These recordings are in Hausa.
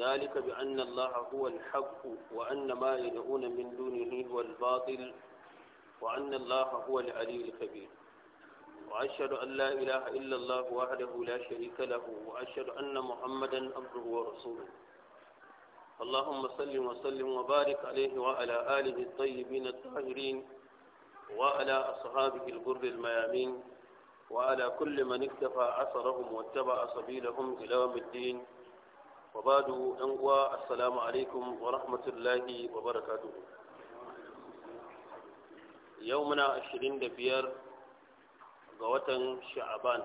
ذلك بأن الله هو الحق وأن ما يدعون من دونه هو الباطل وأن الله هو العلي الكبير وأشهد أن لا إله إلا الله وحده لا شريك له وأشهد أن محمدا عبده ورسوله اللهم صل وسلم وبارك عليه وعلى آله الطيبين الطاهرين وعلى أصحابه الغر الميامين وعلى كل من اكتفى أثرهم واتبع سبيلهم إلى يوم الدين wa badu ɗan uwa assalamu alaikum wa rahmatullahi wa barakatuhu yau muna ashirin da biyar ga watan sha'aban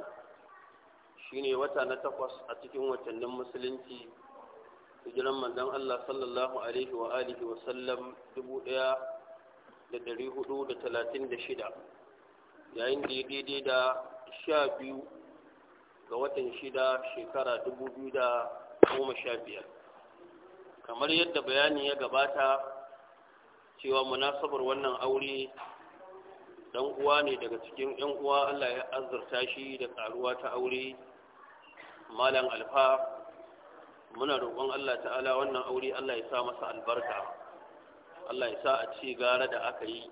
shine wata na takwas a cikin watannin musulunci hijiran manzon Allah sallallahu alaihi wa alihi wa sallam da hudu da talatin da shida yayin da ya daidai da sha biyu ga watan shida shekara dubu biyu da goma sha biyar kamar yadda bayani ya gabata cewa munasabar wannan aure dan uwa ne daga cikin yan uwa Allah ya azurta shi da karuwa ta aure malam alfa muna roƙon Allah ta'ala wannan aure Allah ya sa masa albarka Allah ya sa a ci gara da aka yi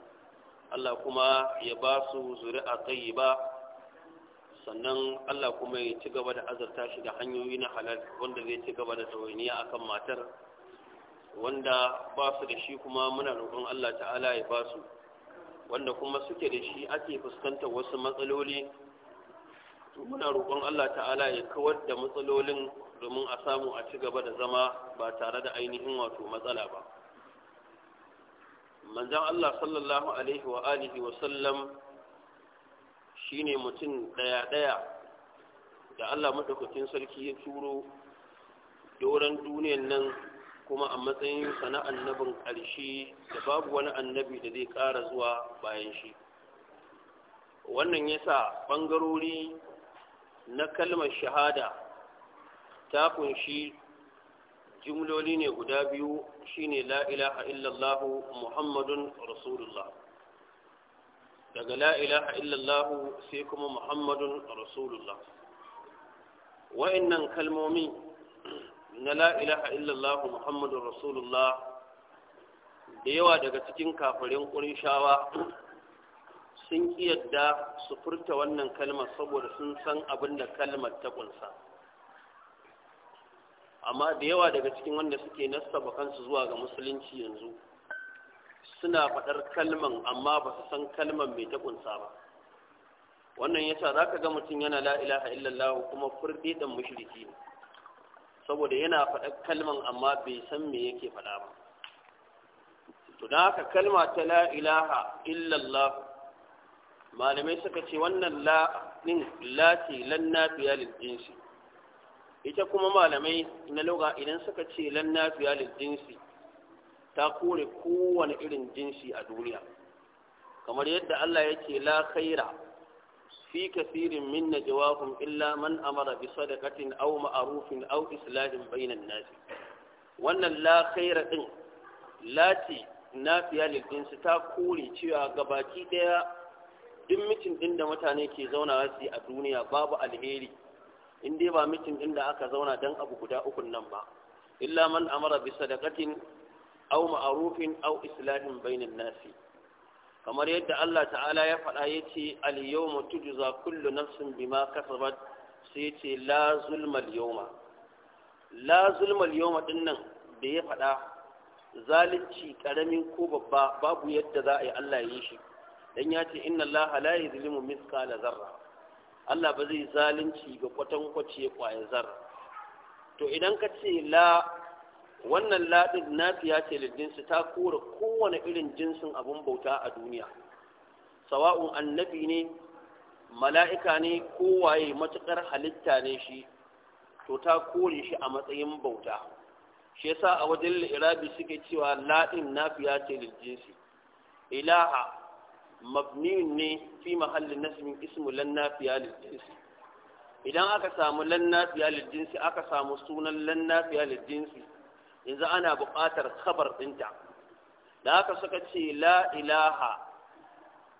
Allah kuma ya ba su zuri'a tayyiba sannan Allah kuma ya ci gaba da azarta shi da hanyoyi na halal wanda zai ci gaba da a akan matar wanda ba su da shi kuma muna roƙon Allah ta'ala ya ba su wanda kuma suke da shi ake fuskantar wasu matsaloli muna roƙon Allah ta'ala ya kawar da matsalolin domin a samu a ci gaba da zama ba tare da ainihin wato matsala ba manzon Allah sallallahu alaihi wa alihi wa sallam shi ne mutum ɗaya ɗaya da Allah maɗaukacin sarki ya turo doron duniyan nan kuma a matsayin sana annabin ƙarshe da babu wani annabi da zai ƙara zuwa bayan shi wannan ya sa ɓangarori na kalmar shahada ta kunshi jimloli ne guda biyu shine la ilaha illallahu muhammadun rasulullah daga la ilaha illallah sai kuma muhammadun rasulullah wa'annan kalmomi na la ilaha illallah muhammadun rasulullah da yawa daga cikin kafirin ƙunshawa sun yadda su furta wannan kalmar saboda sun san abin da kalmar ta ƙunsa amma da yawa daga cikin wanda suke nasaba kansu zuwa ga musulunci yanzu suna faɗar kalman amma ba su san kalman mai ta ƙunsa ba wannan yasa za ka ga mutum yana la ilaha illallah kuma furɗe ɗan mushriki ne saboda yana faɗar kalman amma bai san me yake faɗa ba to da haka kalma ta la ilaha illallah malamai suka ce wannan la din la ce lan jinsi ita kuma malamai na lugha idan suka ce lan nafiya lil jinsi ta kore kowane irin jinsi a duniya kamar yadda Allah ya ce la khaira fi kasirin min najwahum illa man amara bi sadaqatin aw ma'rufin aw islahin bainan nas wannan la khaira din lati nafiya lil ta kore cewa gabaki daya duk mitin din da mutane ke zauna su a duniya babu alheri in dai ba mitin din da aka zauna dan abu guda ukun nan ba illa man amara bi sadaqatin aw ma'rufin aw islahin bainan nasi kamar yadda Allah ta'ala ya faɗa yace al yawma tujza kullu nafsin bima kasabat sai yace la zulma al yawma la zulma al yawma dinnan da ya faɗa zalunci karami ko babba babu yadda za a yi Allah ya yi shi dan ya ce inna allaha la yuzlimu mithqala zarra Allah ba zai zalunci ga kwatankwace kwaye zarra to idan ka ce la wannan ladin nafiya ce liljinsu ta kora kowane irin jinsin abun bauta a duniya sawa'un annabi ne mala'ika ne kowaye matuƙar halitta ne shi to ta kore shi a matsayin bauta shi yasa a wajen lirabi suke cewa ladin nafiya ce liljinsi ilaha mabniyun ne fi mahallin nasmin ismu lan nafiya liljinsi idan aka samu lan nafiya liljinsi aka samu sunan lan nafiya liljinsi yanzu ana buƙatar khabar ɗinta da haka suka ce la ilaha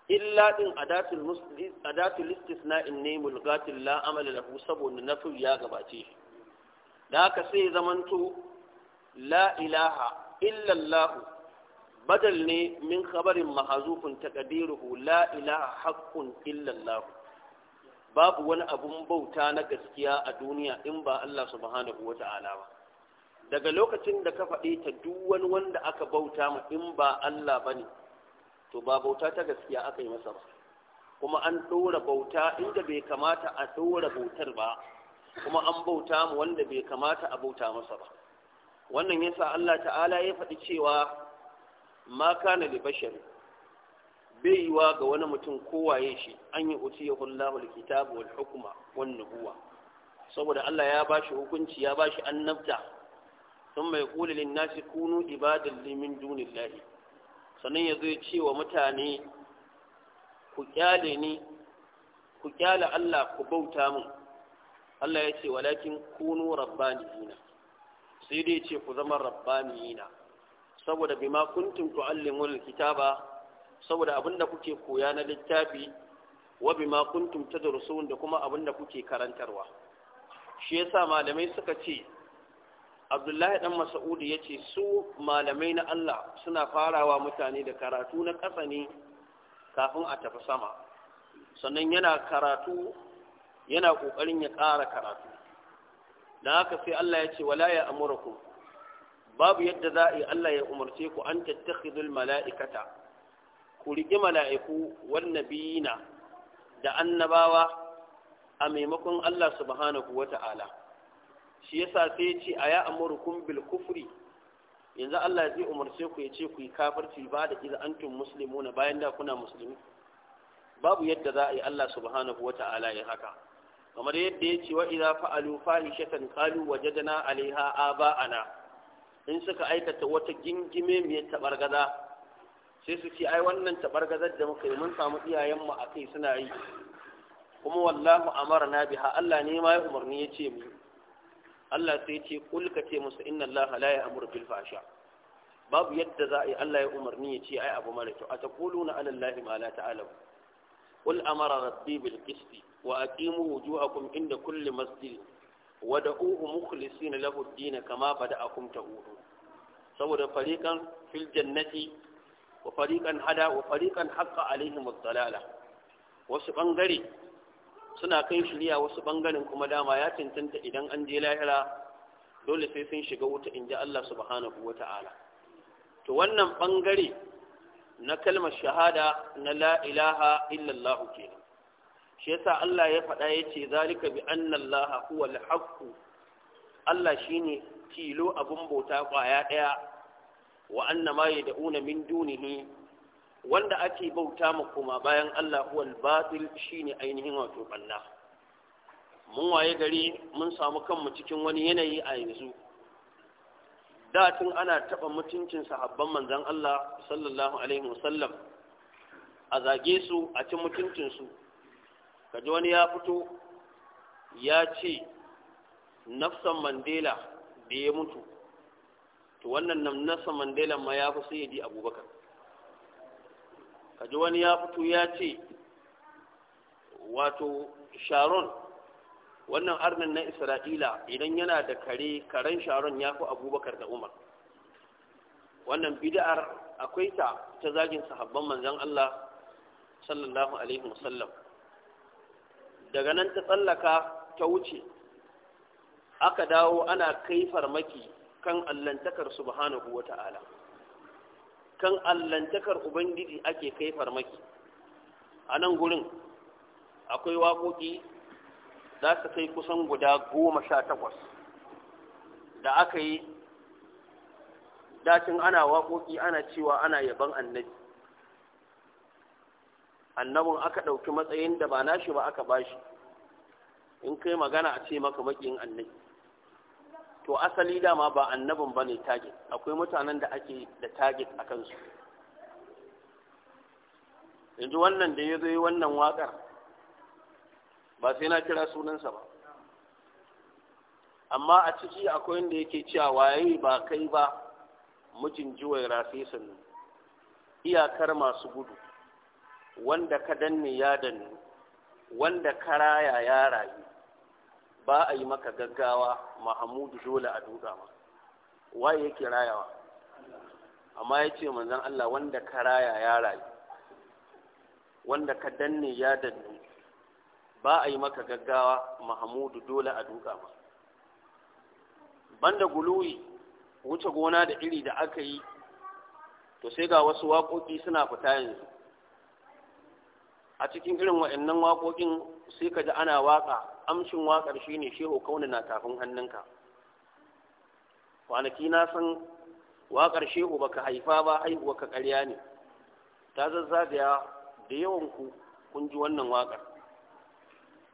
illa din adatul in ne mulgatin la amala lahu saboda nafi ya gabace shi da haka sai zamanto la ilaha illallahu badal ne min khabarin mahazufin taqdiruhu la ilaha haqqun illallahu babu wani abun bauta na gaskiya a duniya in ba Allah subhanahu wata'ala ba daga lokacin da ka faɗe ta duk wani wanda aka bauta ma in ba Allah ba ne to ba bauta ta gaskiya aka yi masa ba kuma an ɗora bauta inda bai kamata a ɗora bautar ba kuma an bauta mu wanda bai kamata a bauta masa ba wannan yasa Allah ta'ala ya faɗi cewa ma kana li bashar bai yi wa ga wani mutum kowaye shi an yi utiyahu Allahu al-kitabu wal hukuma wannan huwa saboda Allah ya bashi hukunci ya bashi annabta ثم mai للناس كونوا عبادا لي من دون الله sannan ya zo ya ce wa mutane ku kyale ni ku kyale Allah ku bauta min Allah ya ce walakin kunu rabbaniyina sai dai ce ku zama rabbaniyina saboda bima kuntum tuallimul kitaba saboda abinda kuke koya na littafi wa bima kuntum tadrusun da kuma abinda kuke karantarwa shi yasa malamai suka ce abdullahi dan ya yace su malamai na Allah suna farawa mutane da karatu na ƙasa ne kafin a tafi sama sannan yana karatu yana kokarin ya ƙara karatu dan haka sai Allah yace wala ya amurukum babu yadda za a yi Allah ya umarce ku an tattakhidul mala'ikata ku riƙi mala'iku wan nabiyina da annabawa a maimakon Allah subhanahu wata'ala shi yasa sai ya ce a ya kun bil kufri yanzu Allah zai umarce ku ya ce ku yi kafirci ba da idan antum na bayan da kuna musulmi babu yadda za a yi Allah subhanahu wata'ala ya haka kamar yadda ya ce wa idza fa'alu fahishatan qalu wajadna 'alaiha aba'ana in suka aikata wata gingime mai tabargaza sai su ce ai wannan tabargazar da muka yi mun samu iyayenmu a kai suna yi kuma wallahu amarna biha Allah ne ma ya umarni ya ce mu Allah sai ce kul ka ce musu inna Allah la ya'muru bil babu yadda za a yi Allah ya umarni ya ce ai abu mara kyau ataquluna ala Allah ma la ta'lamu qul amara rabbi bil qist wa aqimu wujuhakum inda kulli masjid wa da'uhu mukhlisina lahu ad-din kama bada'akum ta'udu saboda fariqan fil jannati wa fariqan hada wa fariqan haqqa alaihim ad-dalala wasu bangare suna kai shirya wasu bangaren kuma dama ya cancanta idan an je lahira dole sai sun shiga wuta in ji Allah subhanahu wa ta'ala to wannan bangare na kalmar shahada na la ilaha illallah kenan shi yasa Allah ya faɗa ya ce zalika bi anna Allah huwa al Allah shine tilo abun bauta kwaya daya wa anna ma yad'una min dunihi wanda ake bauta ma kuma bayan Allah huwal batil shine ainihin wato banna mun waye gari mun samu kanmu cikin wani yanayi a yanzu da tun ana taba mutuncin sahabban manzon Allah sallallahu alaihi wasallam a zage su a ci mutuncin su kaji wani ya fito ya ce nafsan Mandela da ya mutu to wannan nafsan Mandela ma ya fi sayyidi Abubakar kaji wani ya fito ya ce wato sharon wannan arnin na isra'ila idan yana da kare karen sharon ya fi abubakar da umar wannan bid'ar akwai ta ta zagin sahabban manzan Allah sallallahu alaihi wasallam daga nan ta tsallaka ta wuce aka dawo ana kai farmaki kan allantakar subhanahu wata'ala kan allantakar ubangiji ake kai farmaki a nan gurin akwai waƙoƙi za su kai kusan guda goma sha takwas da aka yi dacin ana waƙoƙi ana cewa ana yaban annabi annabin aka ɗauki matsayin da ba nashi ba aka bashi in kai magana a ce maka maƙiyin annabi to asali dama ba annabin ba ne target akwai mutanen da ake da target a kansu yanzu wannan da ya zo yi wannan wakar ba sai na kira sunansa ba amma a ciki akwai wanda yake cewa waye ba kai ba mijin juwaira sai iyakar masu gudu wanda ka danne ya danne wanda ka raya ya rayu ba a yi maka gaggawa mahamudu dole a duka ma waye yake rayawa amma ya ce manzan Allah wanda ka raya ya rayu wanda ka danne ya danne ba a yi maka gaggawa mahamudu dole a duka ma banda guluwi wuce gona da iri da aka yi to sai ga wasu waƙoƙi suna fita yanzu a cikin irin wa'annan waƙoƙin sai ka ji ana waka amshin wakar ne shehu kauna na tafin hannunka kwanaki na san wakar shehu baka haifa ba haihuwa ka karya ne ta zazzagaya da yawan ku kun ji wannan wakar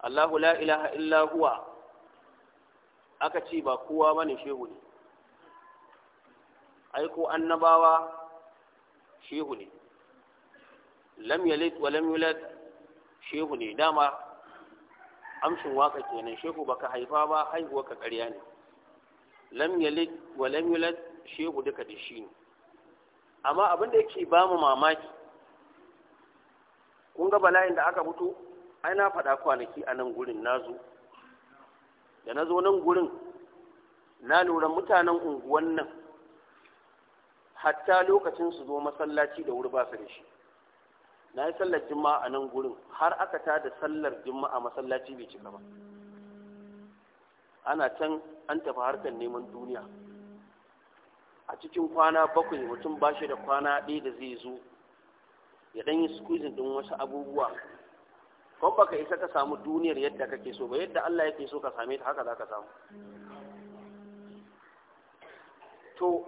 Allahu la ilaha illa huwa aka ce ba kowa ba ne shehu ne aiko annabawa shehu ne lam yalid wa lam yulad shehu ne dama amshin waka kenan shehu baka haifa ba haihuwa ka ƙarya ne lam yalid wa lam yulad shehu duka da shi ne amma abin da yake ba mu mamaki kun ga bala'in da aka fito ai na faɗa kwanaki a nan gurin nazo da na zo nan gurin na lura mutanen unguwan nan hatta lokacin su zo masallaci da wuri ba su da shi na yi sallar juma'a a nan gurin har aka ta da sallar juma'a masallaci bai cika ba ana can an tafi harkar neman duniya a cikin kwana bakwai mutum ba shi da kwana ɗaya da zai zo ya ɗan yi squeezing ɗin wasu abubuwa ko baka isa ka samu duniyar yadda kake so ba yadda Allah yake so ka same ta haka za ka samu to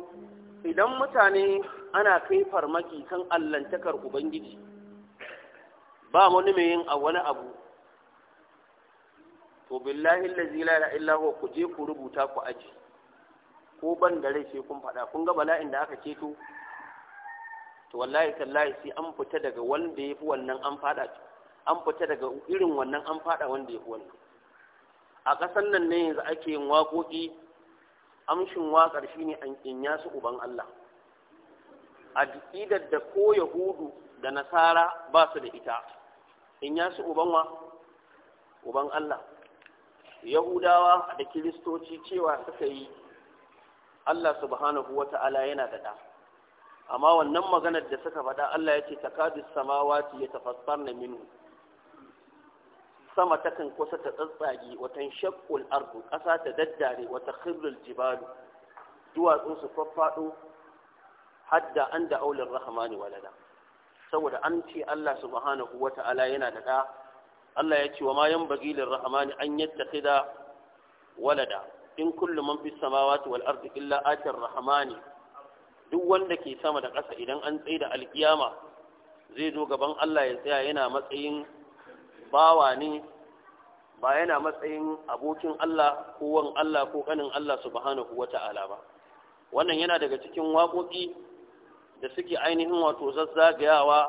idan mutane ana kai farmaki kan allantakar ubangiji ba wani mai yin wani abu to billahi allazi la ilaha illa huwa ku je ku rubuta ku aji ko ban da rai sai kun faɗa kun ga bala'in da aka ceto to wallahi tallahi sai an fita daga wanda yafi wannan an faɗa an fita daga irin wannan an faɗa wanda yafi wannan a ƙasar nan ne yanzu ake yin waƙoƙi amshin waƙar shine an kinya su uban Allah a da ko yahudu da nasara ba su da ita in ya su ubanwa, uban Allah yahudawa da kiristoci cewa suka yi Allah subhanahu wa ta'ala yana da ɗa amma wannan maganar da suka faɗa Allah ya ce ta takadis samawati ya na minu sama takan kusa ta tsatsage watan shak'ul ardu ƙasa ta daddare wata khirrul jibalu duwatsun su faffaɗo hadda an da aulin rahamani walada saboda an ce Allah subhanahu wa ta'ala yana da ɗa Allah ya ce wa ma yan an lirrahmani an da walada in kullum man fis samawati wal ardi illa atir duk wanda ke sama da ƙasa idan an tsaye da alkiyama zai zo gaban Allah ya tsaya yana matsayin bawa ne ba yana matsayin abokin Allah ko Allah ko kanin Allah subhanahu wa ta'ala ba wannan yana daga cikin waƙoƙi da suke ainihin wato zazzagayawa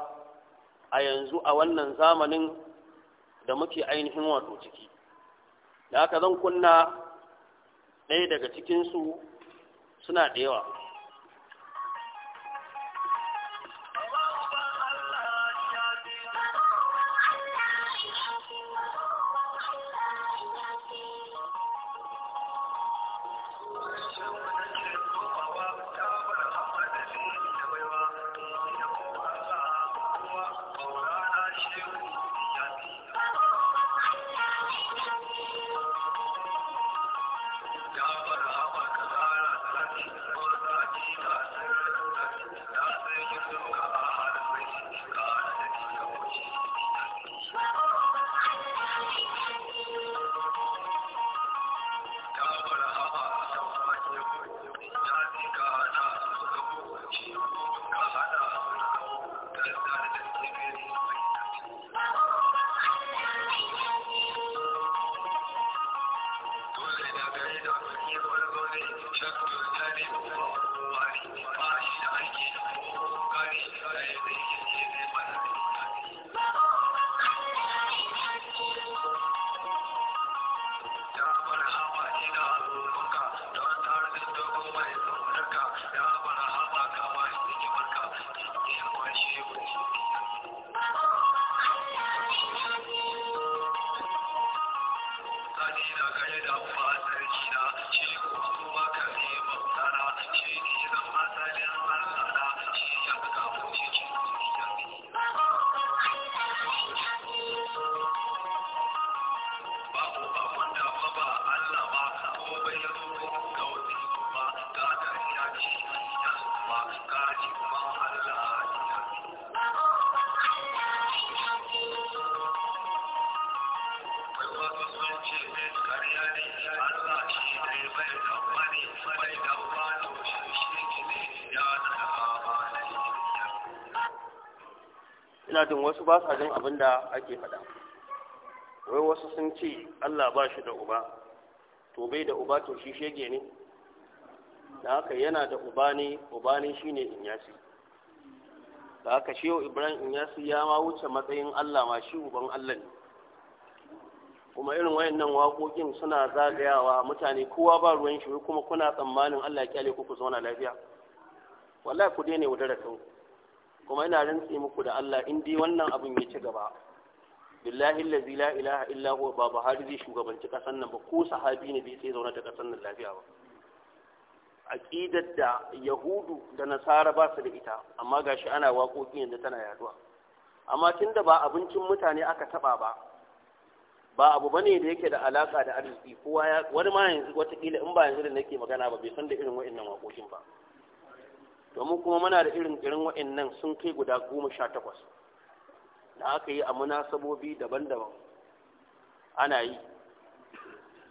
a yanzu a wannan zamanin da muke ainihin wato ciki da haka zan kunna ɗaya daga cikinsu suna da yawa ina jin wasu ba sa jin abin da ake faɗa wai wasu sun ce Allah ba shi da uba to bai da uba to shi shege ne da haka yana da uba ne uba ne ne inyasi da haka shehu ibrahim inyasi ya ma wuce matsayin Allah ma shi uban Allah ne kuma irin wayannan wakokin suna zagayawa mutane kowa ba ruwan shi kuma kuna tsammanin Allah ya kyale ku ku zauna lafiya wallahi ku daina wudar kanku kuma ina rantsi muku da Allah in dai wannan abin ya ci gaba billahi allazi la ilaha illa huwa babu zai shugabanci kasan nan ba ko sahabi ne bai sai zauna da kasan nan lafiya ba aqidar da yahudu da nasara ba su da ita amma gashi ana waƙoƙi yanda tana yaduwa amma tunda ba abincin mutane aka taba ba ba abu bane da yake da alaka da arziki kowa wani ma yanzu in ba yanzu da nake magana ba bai san da irin wa'annan waƙoƙin ba domin kuma muna da irin irin wa'annan sun kai guda goma sha takwas da aka yi a munasabobi daban-daban ana yi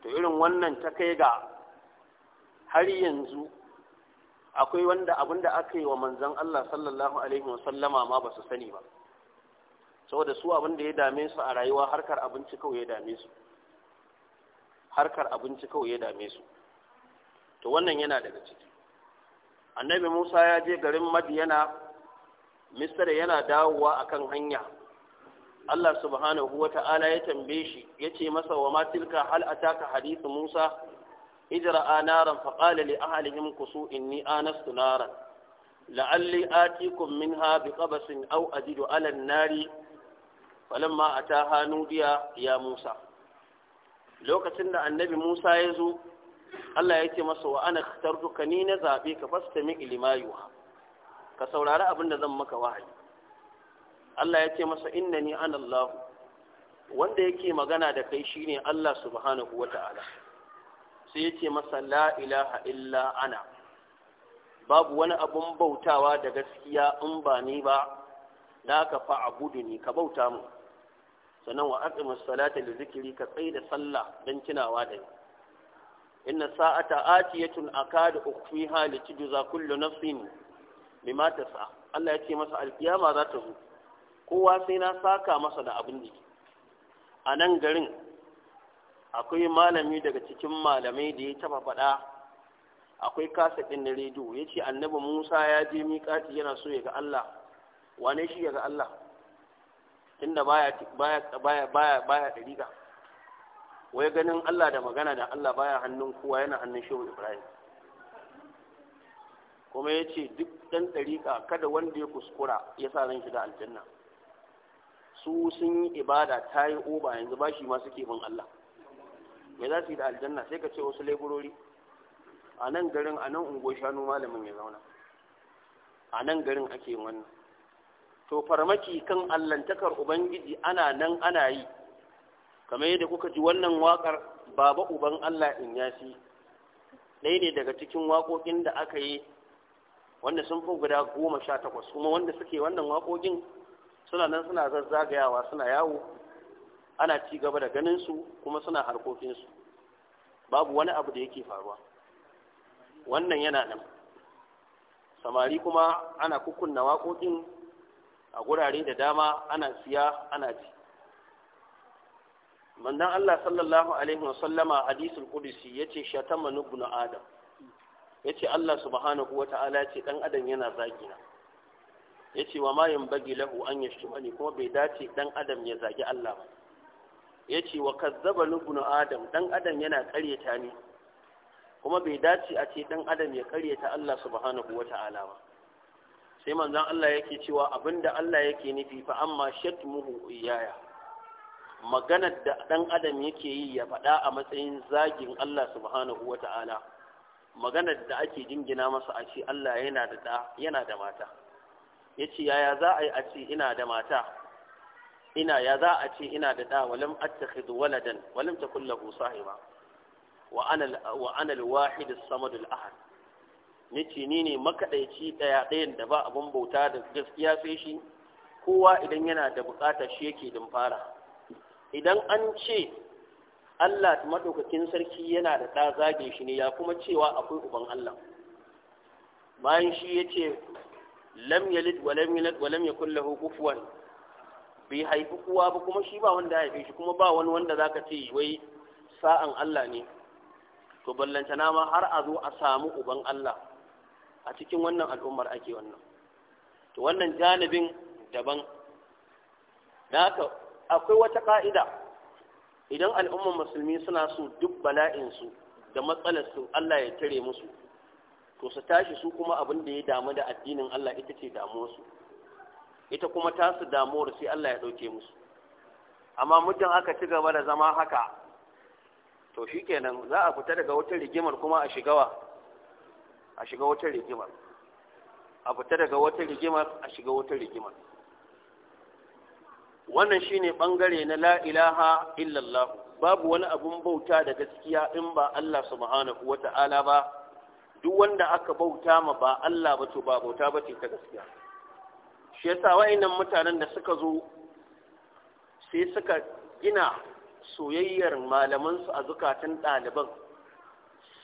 to irin wannan ta kai ga har yanzu akwai wanda abin da aka yi wa manzan Allah sallallahu alaihi wasallama ma ba su sani ba saboda su abin da ya dame su a rayuwa harkar abinci kawai ya dame su harkar abinci kawai ya dame su to wannan yana daga ciki annabi musa ya je garin madiyana mistar yana dawowa akan hanya allah subhanahu wa ta'ala ya tambaye shi ya ce masa wa matilka hal taka hadithu musa ijra'a naran faqala li ahlihim kusu inni anastu naran la'alli atikum minha biqabasin aw ajidu 'ala nari falamma ataha nudiya ya musa lokacin da annabi musa ya zo Allah ya ce masa wa ana duka ni na zaɓe ka fasta fastami ilimayuwa ka saurari abin da zan maka wahayi Allah ya ce masa inna ni an Allah wanda yake magana da kai shine Allah subhanahu wa ta'ala sai ya ce masa la ilaha illa ana babu wani abun bautawa da gaskiya in ba ni ba Na ka fa'abudu ni ka bauta mu sannan wa aqimus salata li zikri ka tsaida sallah dan tunawa da ni In na Sa'a inna sa'ata atiyatun akadu ukhfiha litujza kullu nafsin bima tasa Allah ya ce masa alkiyama za ta zo kowa sai na saka masa da abin jiki. a nan garin akwai malami daga cikin malamai da ya taba faɗa akwai kaset ɗin na rediyo ya ce annabi musa ya je miƙati yana so ya ga allah wane shi ya ga allah inda baya baya baya wai ganin Allah da magana da Allah baya hannun kowa yana hannun shehu Ibrahim kuma ya ce duk ɗan ɗariƙa kada wanda ya kuskura ya sa ran shiga aljanna su sun yi ibada ta yi oba yanzu ba shi ma suke bin Allah me za su yi da aljanna sai ka ce wasu laiburori a nan garin a nan ungo shanu malamin ya zauna a nan garin ake wannan to farmaki kan allantakar ubangiji ana nan ana yi kamar yadda kuka ji wannan waƙar baba uban Allah in yasi ɗaya ne daga cikin waƙoƙin da aka yi wanda sun fi guda goma sha takwas kuma wanda suke wannan waƙoƙin suna nan suna zazzagayawa suna yawo ana ci gaba da ganinsu kuma suna harkokinsu babu wani abu da yake faruwa wannan yana nan samari kuma ana kukunna waƙoƙin a gurare da dama ana siya ana ci manzon Allah sallallahu alaihi wa sallama hadisul qudsi yace shatama nubnu adam yace Allah subhanahu wa ta'ala ce dan adam yana zagina yace wa ma yambagi lahu an yashtumani kuma bai dace dan adam ya zagi Allah ba yace wa kazzaba nubnu adam dan adam yana karyata ni kuma bai dace a ce dan adam ya karyata Allah subhanahu wa ta'ala ba sai manzon Allah yake cewa abinda Allah yake nufi fa amma shatmuhu iyaya maganar da ɗan adam yake yi ya faɗa a matsayin zagin Allah subhanahu wa ta'ala maganar da ake jingina masa a ce Allah yana da ɗa yana da mata ya ce yaya za a yi a ce ina da mata ina ya za a ce ina da ɗa walam attakhid waladan walam takul lahu sahiba wa ana wa ana wahid samad al-ahad nace ni ne makadaici daya ɗayan da ba abun bauta da gaskiya sai shi kowa idan yana da bukata shi yake din fara idan an ce Allah maɗaukakin sarki yana da ɗa zage shi ne ya kuma cewa akwai uban Allah bayan shi ya ce lam yalid wa lam yulad wa lam yakul lahu kufuwan bai haifi kuwa ba kuma shi ba wanda ya haife shi kuma ba wani wanda zaka ce wai sa'an Allah ne to ballantana ma har a zo a samu uban Allah a cikin wannan al'ummar ake wannan to wannan janibin daban da akwai wata ƙa'ida idan al'ummar musulmi suna so duk bala'insu da matsalarsu Allah ya tare musu to su tashi su kuma abin da ya damu da addinin Allah ita ce damuwarsu ita kuma ta su damuwar sai Allah ya ɗauke musu amma muddin aka ci gaba da zama haka to shikenan za a fita daga wata rigimar kuma a shiga a shiga wata rigimar a fita daga wata rigimar a shiga wata rigimar wannan shine ɓangare na la ilaha illallah babu wani abin bauta da gaskiya in ba Allah subhanahu wata'ala ba duk wanda aka bauta ma ba Allah ba to ba bauta ba ce ta gaskiya shi yasa wayannan mutanen da suka zo sai suka gina soyayyar malamansu a zukatan ɗaliban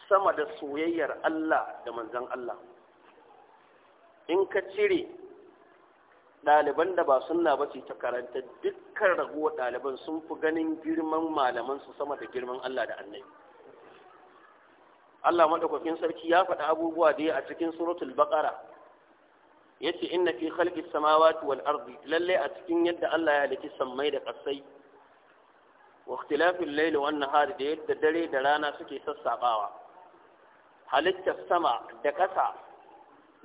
sama da soyayyar Allah da manzon Allah in ka cire ɗaliban da ba sunna ba ce ta karanta dukkan raguwar ɗaliban sun fi ganin girman malaman su sama da girman Allah da annabi Allah madaukakin sarki ya faɗi abubuwa da a cikin suratul baqara yace inna fi khalqis samawati wal ardi lallai a cikin yadda Allah ya halicci sammai da kasai wa ikhtilafil layli wan da yadda dare da rana suke sassabawa halittar sama da ƙasa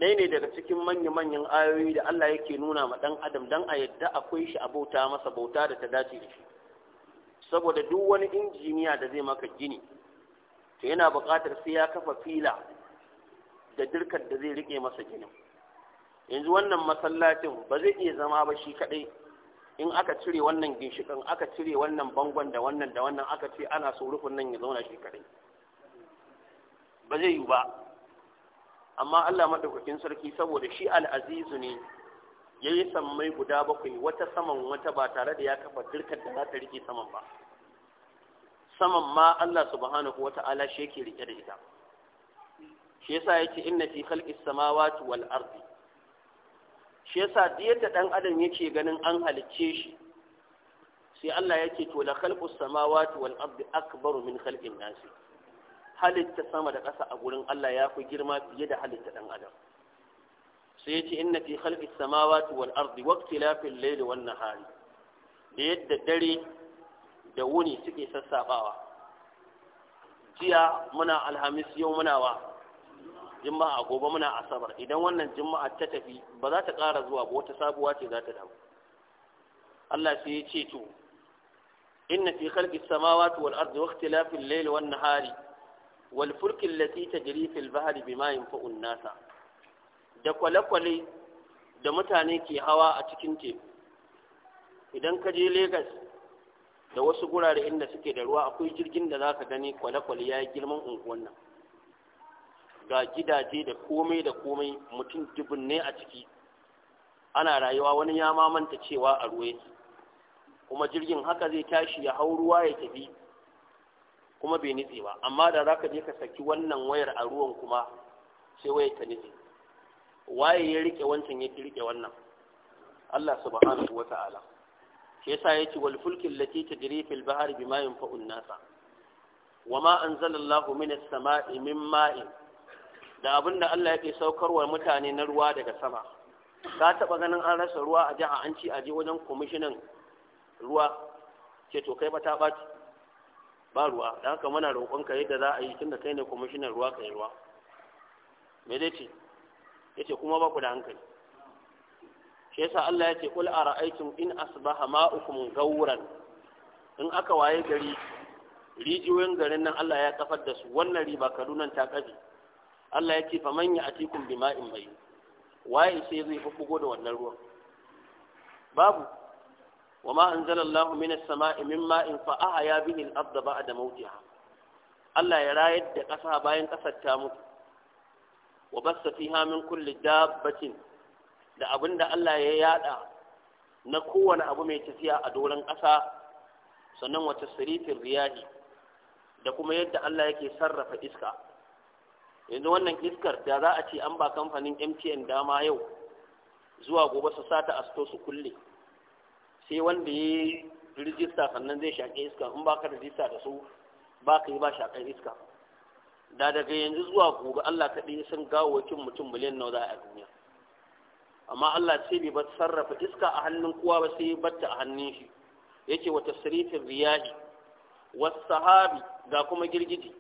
ɗaya ne daga cikin manya-manyan ayoyi da Allah yake nuna ma ɗan adam don a yadda akwai shi a bauta masa bauta da ta dace da shi saboda duk wani injiniya da zai maka gini to yana buƙatar sai ya kafa fila da dirkar da zai rike masa ginin yanzu wannan masallacin ba zai iya zama ba shi kaɗai in aka cire wannan ginshiƙan, aka cire wannan bangon da wannan da wannan aka ce ana so rufin nan ya zauna shi kaɗai ba zai yi ba amma Allah madaukakin sarki saboda shi al'azizu ne ya yi sammai guda bakwai wata saman wata ba tare da ya kafa dirkar da za ta rike saman ba saman ma Allah subhanahu wata'ala shi yake rike da ita shi yasa yake inna fi khalqis samawati wal ardi shi yasa da dan adam yake ganin an halicce shi sai Allah yake to la khalqus samawati wal ardi akbaru min khalqin nasi halitta sama da ƙasa a gurin Allah ya fi girma fiye da halitta ɗan adam sai yace inna fi khalqi samawati wal ardi wa ikhtilafil layli wan nahari da yadda dare da wuni suke sassabawa jiya muna alhamis yau muna wa juma'a gobe muna asabar idan wannan juma'a ta tafi ba za ta ƙara zuwa ba wata sabuwa ce za ta dawo Allah sai ya ce to inna fi khalqi samawati wal ardi wa ikhtilafil layli wan nahari Walfurkin latita lati tajri fil bahri bima yanfa'u an-nasa da kwale-kwale da mutane ke hawa a cikin teku idan ka je Legas da wasu gurare inda suke da ruwa akwai jirgin da zaka gani kwale-kwale ya yi girman unguwan nan ga gidaje da komai da komai mutum ne a ciki ana rayuwa wani ya mamanta cewa a ruwa kuma jirgin haka zai tashi ya hau ruwa ya tafi kuma bai nitse ba amma da za ka je ka saki wannan wayar a ruwan kuma sai wayar ta nitse waye ya rike wancan ya rike wannan Allah subhanahu wa ta'ala shi yasa yace wal fulkin lati tajri fil bahri bima yanfa'u an-nasa wama anzala Allahu as sama'i min ma'in da abinda Allah yake saukarwa mutane na ruwa daga sama ka taba ganin an rasa ruwa a jiha an ci aje wajen kwamishinan ruwa ce to kai ba ta baci ba ruwa da haka muna roƙonka yadda za a yi tunda kai ne kwamishinan ruwa kai ruwa me dai ce ya kuma ba ku da hankali shi yasa Allah ya ce kul ara'aytum in asbaha ma'ukum gawran in aka waye gari rijiyoyin garin nan Allah ya kafar da su wannan riba kadunan ta kaji Allah yake ce faman ya atikum bima'in mai waye sai zai fi da wannan ruwan babu وما أنزل الله من السماء من ماء فأحيا به الأرض بعد موتها الله يرايد قصها باين قصد تاموت وبث فيها من كل دابة da abin da Allah ya yada na kowane abu mai tafiya a doron ƙasa sannan wata sirifin riyahi da kuma yadda Allah yake sarrafa iska yanzu wannan iskar da za a ce an ba kamfanin MTN dama yau zuwa gobe su sata a su kulle sai wanda ya rijista sannan zai shaƙe iska in ba baka rijista da su ba ka yi ba shaƙar iska da daga yanzu zuwa gobe Allah kaɗai sun gawakin mutum miliyan nawa za a duniya amma Allah sai bai bar sarrafa iska a hannun kuwa ba sai batta a hannun shi yake wa tasrifin riyahi was sahabi ga kuma girgiji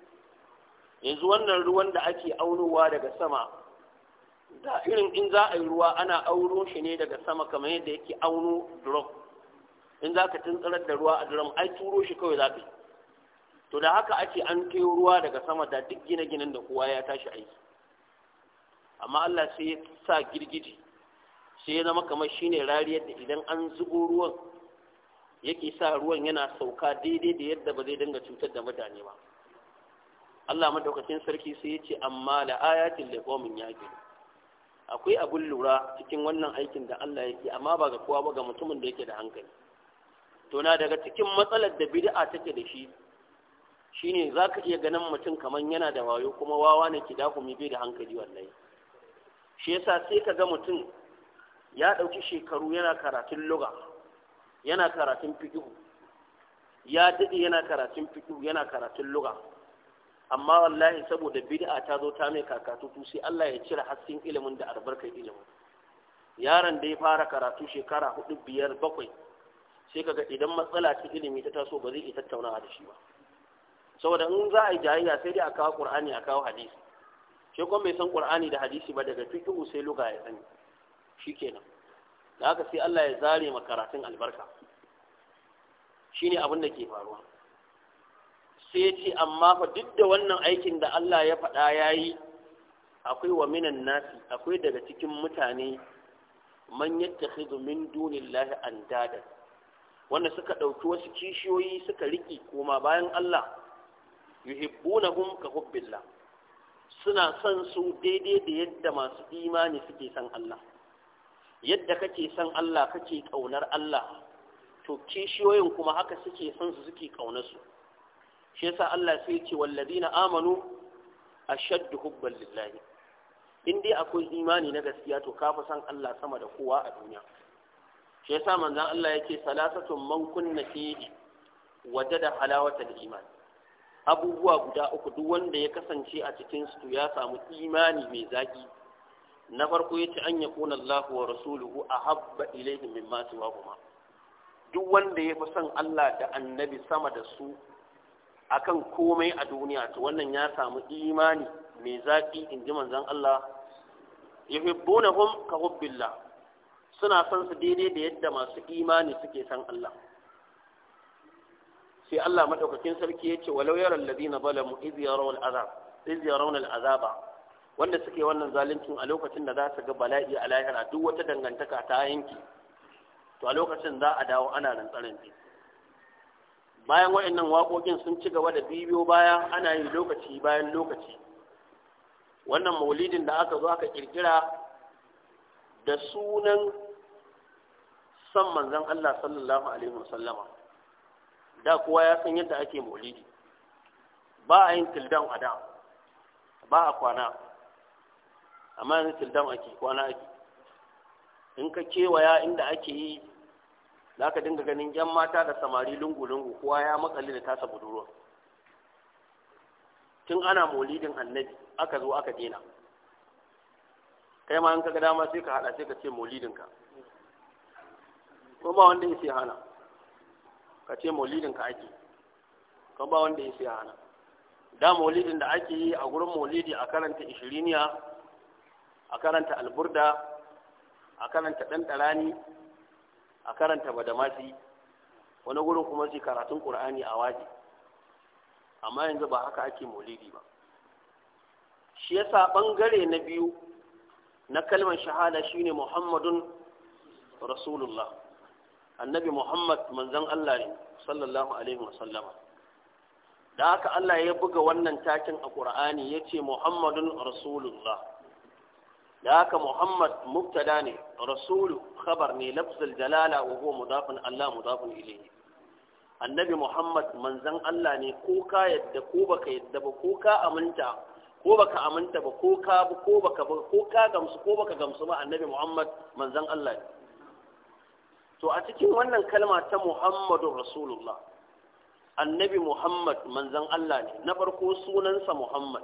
yanzu wannan ruwan da ake aurowa daga sama da irin in za a yi ruwa ana auro shi ne daga sama kamar yadda yake auno drop in za ka tuntsarar da ruwa a daren ai turo shi kawai za ka yi to da haka ake an kai ruwa daga sama da duk gine-ginen da kowa ya tashi aiki amma Allah sai ya sa girgiji sai ya zama kamar shine rariyar da idan an zubo ruwan yake sa ruwan yana sauka daidai da yadda ba zai dinga cutar da mutane ba Allah madaukakin sarki sai ya ce amma la ayatin li qaumin yaqilun akwai abun lura cikin wannan aikin da Allah yake amma ba ga kowa ba ga mutumin da yake da hankali Tona daga cikin matsalar da bid'a take da shi shine zaka iya ganin mutum kaman yana da wayo kuma wawa ne ki mi bai da hankali wallahi shi yasa sai ka ga mutum ya ɗauki shekaru yana karatun luga yana karatun fiqh ya daɗe yana karatun fiqh yana karatun luga amma wallahi saboda bid'a ta zo ta mai kakatutu sai Allah ya cire hasken ilimin da albarka ilimin yaron da ya fara karatu shekara hudu biyar bakwai sai kaga idan matsala ta ilimi ta taso ba zai iya tattaunawa da shi ba saboda in za a yi jayayya sai dai a kawo qur'ani a kawo hadisi shi kuma bai san qur'ani da hadisi ba daga fiqhu sai luga ya sani shikenan da haka sai Allah ya zare ma karatun albarka shine abin da ke faruwa sai ce amma fa duk da wannan aikin da Allah ya faɗa yayi akwai wa minan nasi akwai daga cikin mutane man yattakhidhu min dunillahi andada wanda suka ɗauki wasu kishiyoyi suka riƙi koma bayan Allah yuhibbunahum ka hubbillah suna son su daidai da yadda masu imani suke son Allah yadda kake son Allah kake ƙaunar Allah to kishiyoyin kuma haka suke son su suke ƙaunar su shi yasa Allah sai ce wallazina amanu ashaddu hubban lillahi in dai akwai imani na gaskiya to kafa san Allah sama da kowa a duniya shi yasa manzon Allah yake salasatun man kunna fihi wajada halawatul iman abubuwa guda uku duk wanda ya kasance a cikin su ya samu imani mai zaki na farko yace an yakuna Allah wa rasuluhu ahabba ilayhi mimma siwahuma duk wanda ya fi son Allah da annabi sama da su akan komai a duniya to wannan ya samu imani mai zaki inji manzon Allah yuhibbunahum ka hubbillah suna son su daidai da yadda masu imani suke san Allah sai Allah madaukakin sarki yace walau yara ladina zalamu iz yarawul azab iz azaba wanda suke wannan zaluncin a lokacin da za su ga bala'i a lahira duk wata dangantaka ta yanki to a lokacin za a dawo ana nan tsarin bayan waɗannan waƙoƙin sun ci gaba da bibiyo baya ana yi lokaci bayan lokaci wannan maulidin da aka zo aka kirkira da sunan son manzan Allah sallallahu alaihi wasallama da kowa ya san yadda ake maulidi ba a yin tildan a da ba a kwana amma yanzu tildan ake kwana ake in ka kewaya inda ake yi za ka dinga ganin yan mata da samari lungu-lungu kowa ya makalli da tasa budurwa tun ana maulidin annabi aka zo aka dena kai ma in ka ga dama sai ka hada sai ka ce maulidinka ko ba wanda ya siya hana ka ce maulidin ka ake ko ba wanda ya siya hana da maulidin da ake yi a gurin maulidi a karanta ishiriniya a karanta alburda a karanta ɗanɗarani a karanta badamasi wani gurin kuma sai karatun ƙur'ani a waje amma yanzu ba haka ake maulidi ba shi yasa ɓangare na biyu na kalmar shahada shine muhammadun rasulullah annabi muhammad manzon allah ne sallallahu alaihi wasallama da haka allah ya buga wannan takin a ƙur'ani ya ce muhammadun rasulullah da haka muhammad mubtada ne rasulu khabar ne lafzul jalala wa huwa mudafin allah mudafin ilayhi annabi muhammad manzon allah ne ko ka yadda ko baka yadda ba ko ka aminta ko baka aminta ba ko ka ba ko baka ba ko ka gamsu ko baka gamsu ba annabi muhammad manzon allah ne to a cikin wannan kalma ta Muhammadu rasulullah annabi muhammad manzan allah ne na farko sunansa muhammad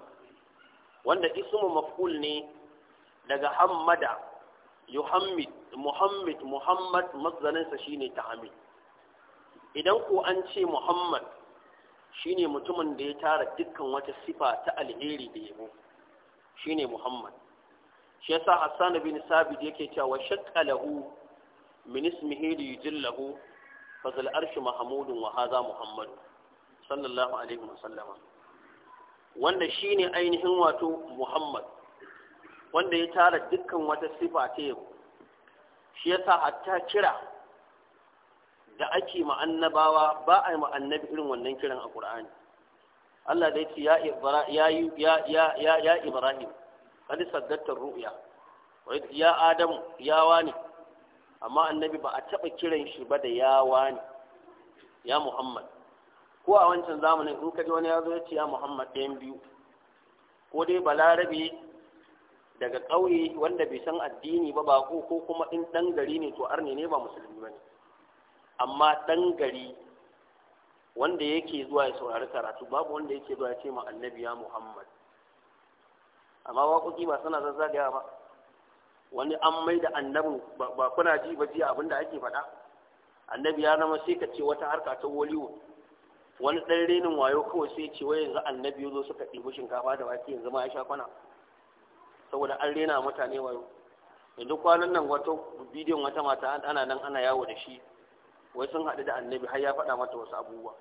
wanda ismu maf'ul ne daga hammada yuhammid muhammad muhammad mazaninsa shine ta'amil idan ko an ce muhammad shine mutumin da ya tara dukkan wata sifa ta alheri da yabo shine muhammad shi yasa hassan bin sabit yake cewa shaqqa lahu min ismihi li yujillahu fa zal arshi mahmudun wa hadha muhammad sallallahu alaihi wa sallama wanda shine ainihin wato muhammad wanda ya tara dukkan wata sifa ta yau, shi yasa hatta kira da ake ma ba a yi ma irin wannan kiran a qur'ani Allah da ce ya Ibrahim, kadi saddattar ru'ya, ya Adamu, ya wani, amma annabi ba a taɓa kiran shi ba da yawa ne ya muhammad ko a wancan zamanin in ka ji wani ya zo ya ce ya muhammad ɗayan biyu ko dai balarabe daga ƙauye wanda bai san addini ba bako ko kuma in ɗan gari ne to arne ne ba musulmi ba ne amma ɗan gari wanda yake zuwa ya saurari karatu babu wanda yake zuwa ya ce ma annabi ya muhammad amma waƙoƙi ba suna zazzagawa ba wani an mai da annabin ba kuna ji ba ji abin da ake faɗa annabi ya zama sai ka ce wata harka ta Hollywood wani ɗan renin wayo kawai sai ce wai yanzu annabi ya zo suka ɗibi shinkafa da wake yanzu ma ya sha kwana saboda an rena mutane wayo yanzu kwanan nan wata bidiyon wata mata ana nan ana yawo da shi wai sun haɗu da annabi har ya faɗa mata wasu abubuwa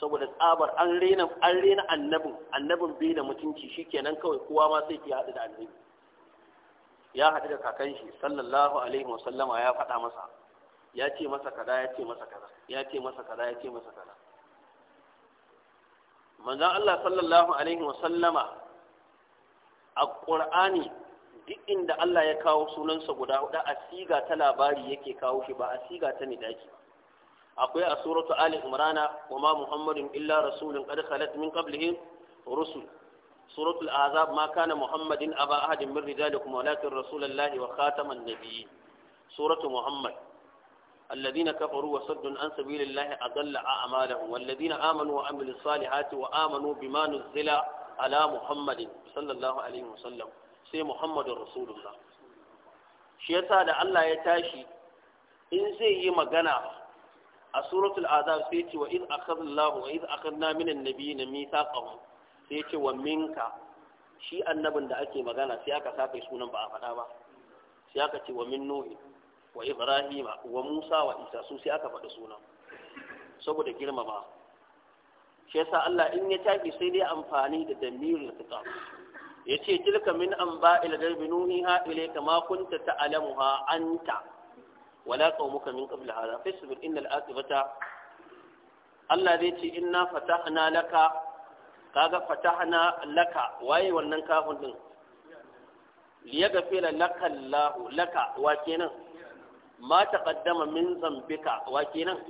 saboda tsabar an rena an rena annabin annabin bai da mutunci shikenan kawai kowa ma sai ke haɗu da annabi ya haɗu da kakan shi sallallahu alaihi wasallama ya faɗa masa ya ce masa kaza ya ce masa kaza ya ce masa kaza ya ce masa kaza manzon Allah sallallahu alaihi wasallama a ƙur'ani duk inda Allah ya kawo sunansa guda huɗu a siga ta labari yake kawo shi ba a siga ta daki akwai a suratu ali imrana wa ma muhammadin illa rasulun qad khalat min qablihi rusul سورة الأعذاب ما كان محمد أبا أحد من رجالكم ولكن رسول الله وخاتم النبيين سورة محمد الذين كفروا وصد عن سبيل الله أضل أعمالهم والذين آمنوا وعملوا الصالحات وآمنوا بما نزل على محمد صلى الله عليه وسلم سي محمد رسول الله شيسا da Allah ya tashi in zai yi magana a suratul azab sai ce wa iz akhadallahu wa iz akhadna minan nabiyina mithaqahum sai ce wa minka shi annabin da ake magana sai aka saka sunan ba a faɗa ba sai aka ce wa min nuhi wa ibrahima wa musa wa isa su sai aka faɗi sunan saboda girmama shi yasa Allah in ya tafi sai dai amfani da damirul kitab yace tilka min anba'il ghaibi nuhiha ilayka ma kunta ta'lamuha anta wala qaumuka min qabl hadha fasbir innal aqibata Allah zai ce inna fatahna laka kaga fatahna laka waye wannan kafin din liyaghfira laka Allahu laka wa kenan ma taqaddama min zambika wa kenan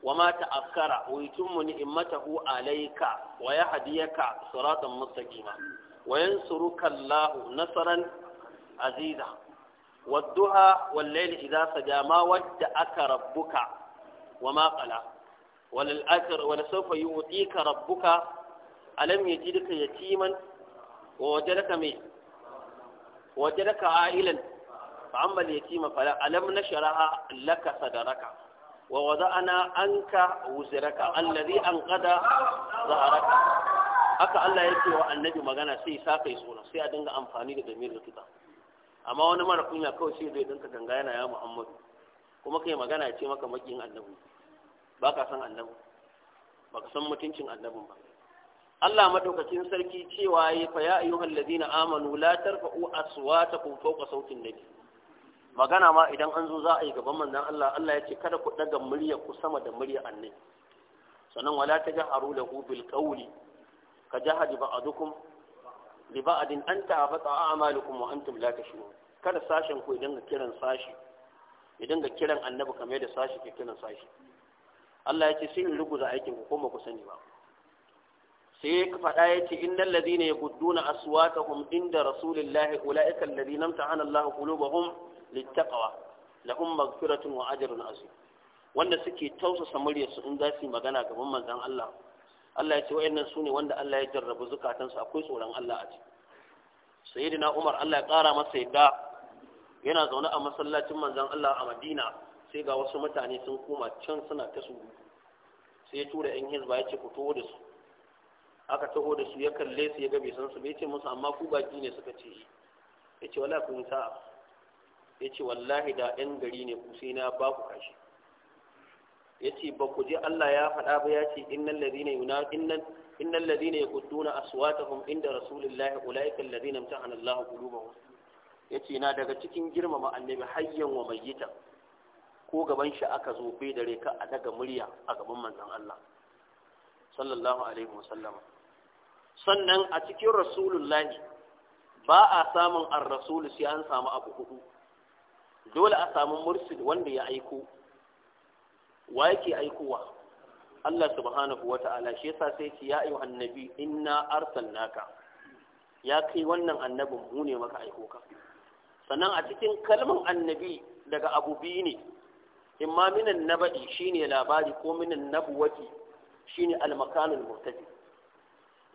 wa ma ta'akkara wa yutimmu ni'matahu alayka wa yahdiyaka siratan mustaqima wa yansuruka Allahu nasran aziza wadduha wal layli idha saja ma wadda'aka rabbuka wa ma qala وللآخر ولسوف يؤتيك ربك alam yajidka yatiman wa wajadaka mai wajadaka ailan fa amma yatima fala alam nashraha laka sadaraka wa wada'ana anka wuzraka alladhi anqada zaharaka haka Allah yake wa annabi magana sai sa kai suna sai a dinga amfani da damir kita amma wani mara kunya kawai sai zai dinka ganga yana ya Muhammadu kuma kai magana ya ce maka makin annabi ba ka san annabi ba ka san mutuncin annabin ba Allah madaukakin sarki cewa yi fa ya ayyuhal ladina amanu la tarfa'u aswatakum fawqa sautin nabi magana ma idan an zo za a yi gaban manzon Allah Allah ya ce kada ku daga murya ku sama da murya annabi sannan wala tajharu lahu bil qawli ka jahadi ba'dukum li ba'din an ta'abata a'malukum wa antum la tashurun kada sashen ku idan ga kiran sashi idan ga kiran annabi kamar da sashi ke kiran sashi Allah ya ce sai in ruguza aikin ku ko ba ku sani ba sai ya faɗa ya ce innal ladhina yaqudduna aswatahum inda rasulillahi ulaika alladhina imtahana Allahu qulubahum littaqwa lahum maghfiratun wa ajrun azim wanda suke tausasa muryarsu in za su yi magana gaban manzan Allah Allah ya ce su sune wanda Allah ya jarrabu zukatansu akwai tsoron Allah a ciki na Umar Allah ya ƙara masa yadda yana zaune a masallacin manzan Allah a Madina sai ga wasu mutane sun koma can suna ta sai ya tura yan hizba ya ce fito da su aka taho da su ya kalle su ya gabe san su bai ce musu amma ku baki ne suka ce ya ce wala kun sa'a ya ce wallahi da ɗan gari ne ku sai na ba ku kashi ya ce ba ku je Allah ya faɗa ba ya ce innan ladina yuna innan innan ladina yaqudduna aswatahum inda rasulillahi ulaika alladina imtahana Allah qulubahum ya ce na daga cikin girmama annabi hayyan wa mayyita ko gaban shi aka zo bai dare ka a daga murya a gaban manzon Allah sallallahu alaihi wasallama sannan a cikin rasulullahi ba a samun ar-rasul sai an samu abu hudu dole a samu mursil wanda ya aiko wa yake aikowa Allah subhanahu wata'ala shi yasa sai ce ya in na inna arsalnaka ya kai wannan annabin mu ne maka aiko ka sannan a cikin kalmar annabi daga abu biyu ne imma minan naba'i shine labari ko minan nabuwati shine al-makanul murtaji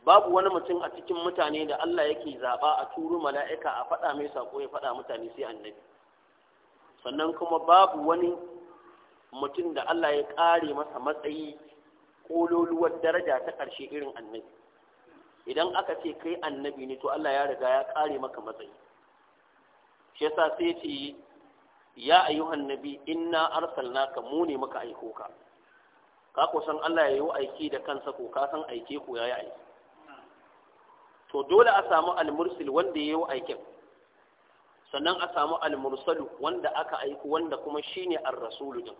babu wani mutum a cikin mutane da Allah yake zaba a turu mala'ika a faɗa mai sako ya faɗa mutane sai annabi sannan kuma babu wani mutum da Allah ya ƙare masa matsayi ƙololuwar daraja ta ƙarshe irin annabi idan aka ce kai annabi ne to Allah ya riga ya ƙare maka matsayi shi yasa sai ce ya ayyuhan nabi inna arsalnaka mu ne muka aiko ka ka ko san Allah ya yi aiki da kansa ko ka san aike ko yi aiki to dole a samu al wanda ya yi aikin sannan a samu almursalu wanda aka aiko wanda kuma shine ar-rasulu din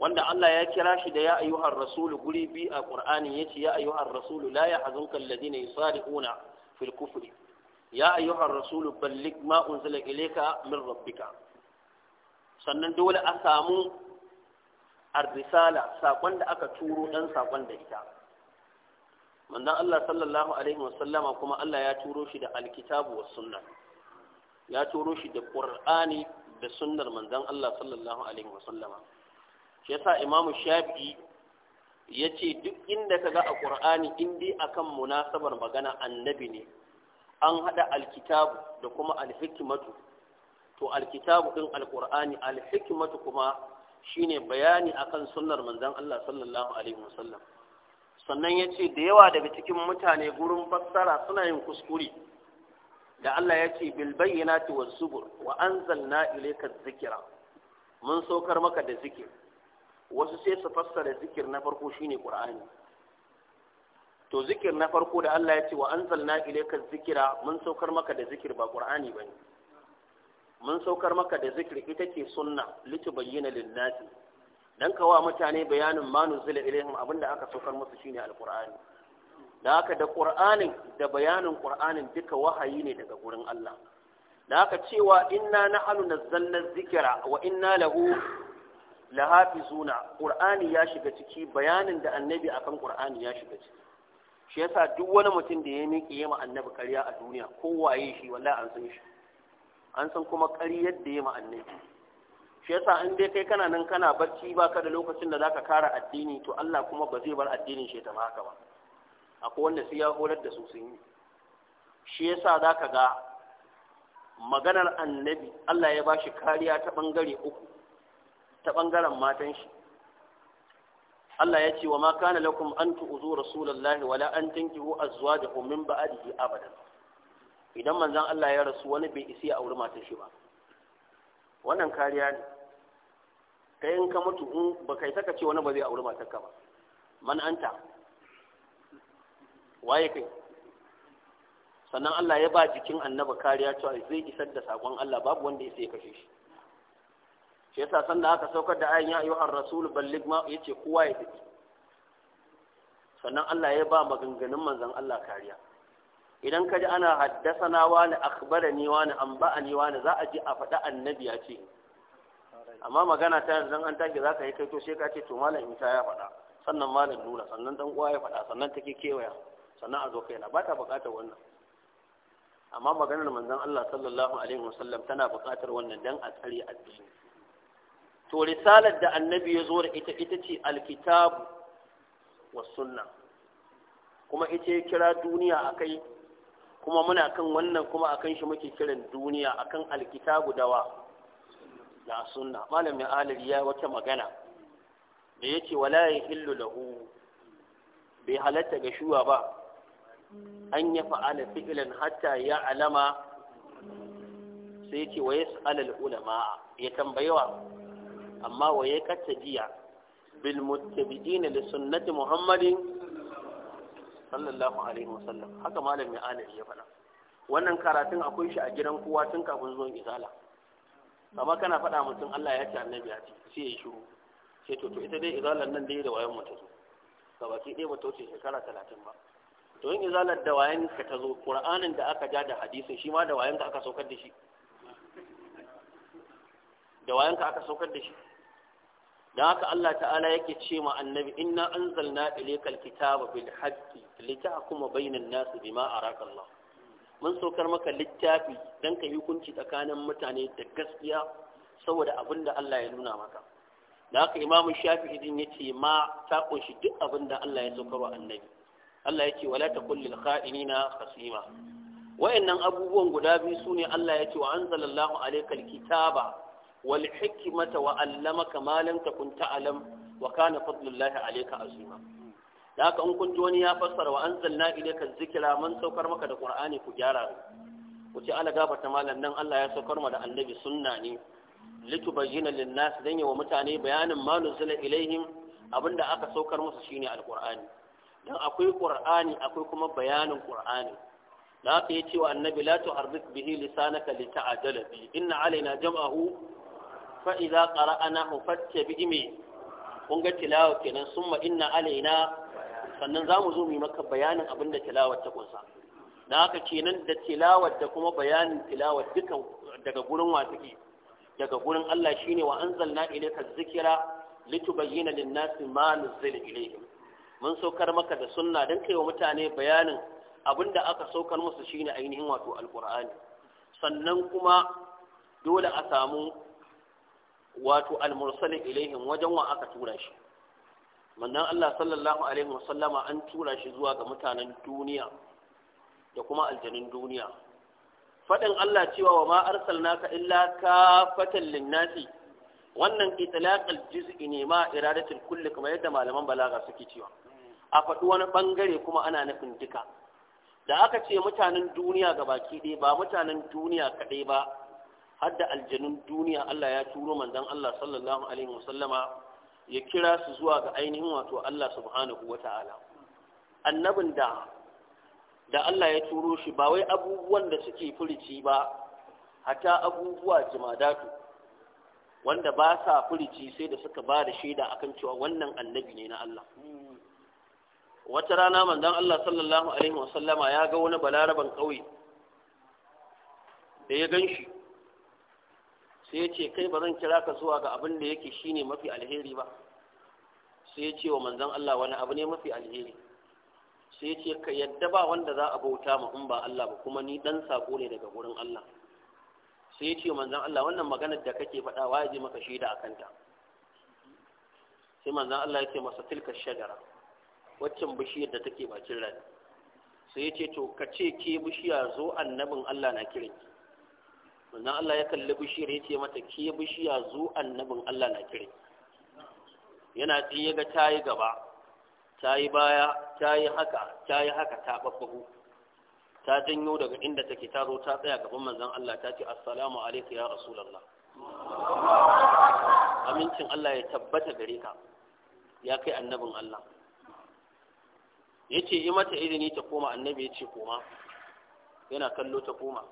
wanda Allah ya kira shi da ya ayyuhar rasulu guri bi a Qur'ani yace ya ayyuhar rasulu la yahzunka alladhina yusari'una fil kufri ya ayyuhar rasulu balligh ma unzila ilayka min rabbika sannan dole a samu ar-risala sakon da aka turo dan sakon da ita manzon Allah sallallahu alaihi wasallama kuma Allah ya turo shi da alkitabu was sunna ya turo shi da qur'ani da sunnar manzon Allah sallallahu alaihi wasallama shi yasa Imam Shafi ya ce duk inda ka ga a ƙur'ani dai akan munasabar magana annabi ne an haɗa alkitabu da kuma alhikimatu to alkitabu ɗin alƙur'ani alhikimatu kuma Shi ne bayani akan sunnar manzan Allah sallallahu alaihi wasallam sannan ya ce da yawa daga cikin mutane gurin fassara suna yin kuskure da Allah ya ce Bilbayyana ta was zubur wa ile ka zikira. mun saukar maka da zikir wasu sai su fassara zikir na farko shine qur'ani to zikir na farko da Allah ya ce wa ile ka zikira mun saukar maka da zikir ba ba ne. mun saukar maka da zikiri ita ke sunna litubayyana lin-nasi dan kawa mutane bayanin ma nuzila ilaihim abinda aka saukar musu shine alqur'ani da haka da ƙur'ani da bayanin qur'anin duka wahayi ne daga gurin Allah da haka cewa inna nahnu nazzalna zikra wa inna lahu lahafizuna qur'ani ya shiga ciki bayanin da annabi akan qur'ani ya shiga ciki shi yasa duk wani mutum da ya miƙe yima annabi ƙarya a duniya kowaye shi wallahi an san shi an san kuma ƙaryar da ya annabi shi yasa in dai kai kana nan kana barci ba ka da lokacin da zaka kara addini to Allah kuma ba zai bar addinin shi ta haka ba akwai wanda sai ya horar da su sun yi shi yasa zaka ga maganar annabi Allah ya bashi kariya ta bangare uku ta bangaren matan shi Allah ya ce wa ma kana lakum an tu'zu rasulullahi wala an tankihu azwajahu min ba'dihi abadan idan manzan Allah ya rasu wani bai isi a auri matan shi ba wannan kariya ne Kai in ka mutu in ba kai saka ce wani ba zai auri matan ka ba man anta waye kai sannan Allah ya ba jikin annaba kariya cewa zai isar da sakon Allah babu wanda ya sai kashe shi shi yasa sanda aka saukar da ayin ya har rasul ballig ma yace kowa ya tafi sannan Allah ya ba maganganun manzan Allah kariya idan ka ji ana haddasana wani akhbarani wani anba'ani wani za a ji a faɗa annabi ya ce amma magana ta yanzu an tashi za ka yi kaito sai ka ce to malam isa ya faɗa sannan malam nuna, sannan dan uwa ya faɗa sannan take kewaya sannan a zo kaina ba ta buƙatar wannan amma maganar manzon Allah sallallahu alaihi wasallam tana buƙatar wannan dan a tsare addini to risalar da annabi ya zo da ita ita ce alkitabu was sunna kuma ita ya kira duniya akai kuma muna kan wannan kuma akan shi muke kiran duniya akan alkitabu dawa da sunna malamin alir ya wata magana da yace wala da lahu bai halatta ga shuwa ba an ya fa'ala fi'ilan hatta ya alama sai yace wa yas'al ulama ya tambayewa amma wa ya jiya? bil muttabi'ina li sunnati muhammadin sallallahu alaihi wasallam haka malam ya ala'i ya faɗa wannan karatun akwai shi a gidan kowa tun kafin zuwan izala amma kana faɗa mutum Allah ya ce annabi ya ce sai ya shiru sai to to ita dai izalar nan dai da wayan mu ta zo gabaki ɗaya ba ce wuce shekara talatin ba to yin izalar da wayan ka ta zo qur'anin da aka ja da hadisi shi ma da wayan ka aka saukar da shi da wayan ka aka saukar da shi da haka Allah ta'ala yake ce ma annabi inna na ilaykal kitaba bil haqqi kuma bainan nas bima araka Allah mun saukar maka littafi dan ka hukunci tsakanin mutane da gaskiya saboda abin da Allah ya nuna maka da haka shafi idin ya yace ma ta kunshi duk abin da Allah ya saukarwa annabi Allah ce wala taqul lil khasima wayannan abubuwan guda biyu sune Allah ya wa anzalallahu alaykal kitaba wal hikmata wa allamaka ma lam takun ta'lam wa kana fadlullahi da haka in kun ji wani ya fassara wa anzalna ilayka zikira man saukar maka da qur'ani ku gyara ku ce ala gafarta malam nan Allah ya saukar ma da annabi sunna ne litubayyana lin-nas dan yawa mutane bayanin ma nuzila ilaihim abinda aka saukar musu shine alqur'ani dan akwai qur'ani akwai kuma bayanin qur'ani da haka yace wa annabi la tuharrik bihi lisanaka lita'adala bi inna alaina jam'ahu fa idza qara'nahu fattabi me kun ga tilawa kenan summa inna alaina sannan za mu zo mu maka bayanin da tilawar ta kunsa da haka kenan da tilawar da kuma bayanin tilawar duka daga gurin wa take daga gurin Allah shine wa anzalna ilayka dhikra litubayyana lin-nasi ma nuzila ilayhim mun saukar maka da sunna dan kai wa mutane bayanin abinda aka saukar musu shine ainihin wato alqur'ani sannan kuma dole a samu wato al-mursal ilaihim wajen wa aka tura shi manzon Allah sallallahu alaihi wasallama an tura shi zuwa ga mutanen duniya da kuma aljanin duniya fadin Allah cewa wa ma arsalnaka illa kafatan linnasi wannan itlaqal juz'i ne ma iradatul kulli kamar yadda malaman balaga suke cewa a faɗi wani bangare kuma ana nufin duka da aka ce mutanen duniya ga baki ɗaya ba mutanen duniya kaɗai ba hadda aljanun duniya Allah ya turo manzon Allah sallallahu alaihi wasallama ya kira su zuwa ga ainihin wato Allah subhanahu wata'ala annabin da da Allah ya turo shi ba wai abubuwan da suke furici ba hatta abubuwa jimadatu wanda ba sa furici sai da suka ba da shaida akan cewa wannan annabi ne na Allah wata rana manzon Allah sallallahu alaihi wasallama ya ga wani balaraban kauye da ya gan shi sai ya ce kai ba zan kira ka zuwa ga abin da yake shine mafi alheri ba sai ya ce wa manzan Allah wani abu ne mafi alheri sai ya ce ka yadda ba wanda za a bauta mu in ba Allah ba kuma ni dan sako ne daga gurin Allah sai ya ce wa manzan Allah wannan maganar da kake faɗa wa ya maka shaida a kanta sai manzan Allah ya ce masa tilka shajara waccan bishiyar da take bakin rani sai ya ce to ka ce ke bishiya zo annabin Allah na kiranki Wannan Allah ya kalli bishiyar ya ce mata ke bishiya zu annabin Allah na kire yana tsaye ga tayi gaba tayi baya tayi haka tayi haka ta babbabu ta janyo daga inda take ta zo ta tsaya gaban manzon Allah ta ce assalamu alaikum ya rasulullah amincin Allah ya tabbata gare ka ya kai annabin Allah yace yi mata izini ta koma annabi yace koma yana kallo ta koma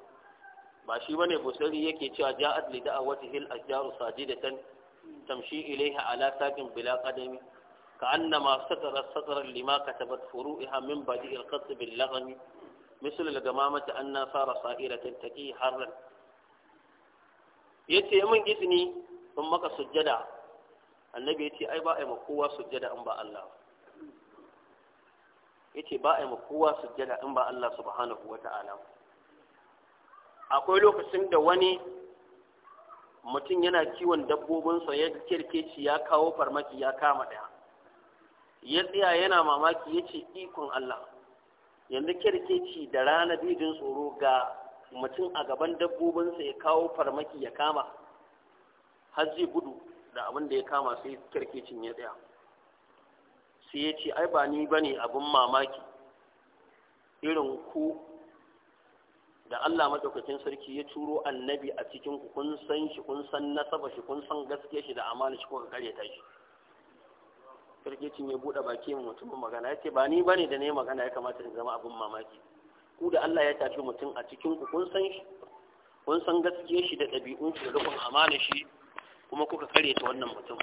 ba shi bane busari yake cewa ja'at li da'awatihil ashjaru sajidatan tamshi ilaiha ala saqin bila qadami كأنما سطر سطرا لما كتبت فروعها من بديء القط باللغم مثل الجمامة أن صار صائرة تكي حرا yace min gizni in maka sujjada annabi yace ai ba ai ma kowa sujjada in ba Allah yace ba ai ma kowa sujjada in ba Allah subhanahu ta'ala. akwai lokacin da wani mutum yana kiwon dabbobinsa ya kirkeci ya kawo farmaki ya kama ɗaya ya tsaya yana mamaki ya ce ikon Allah yanzu kirkeci da rana bidin tsoro ga mutum a gaban dabbobinsa ya kawo farmaki ya kama har zai gudu da abin da ya kama sai kirkecin ya tsaya sai ya ce ai ba ni ba ne abin mamaki irin ku da Allah madaukakin sarki ya turo annabi a cikin ku kun san shi kun san nasaba shi kun san gaskiya shi da amana shi kuka ta shi kirkicin ya bude baki mu mutumin magana yace ba ni bane da ne magana ya kamata in zama abun mamaki ku da Allah ya tafi mutum a cikin ku kun san shi kun san gaskiya shi da ɗabi'un shi da rukun amana shi kuma kuka ta wannan mutum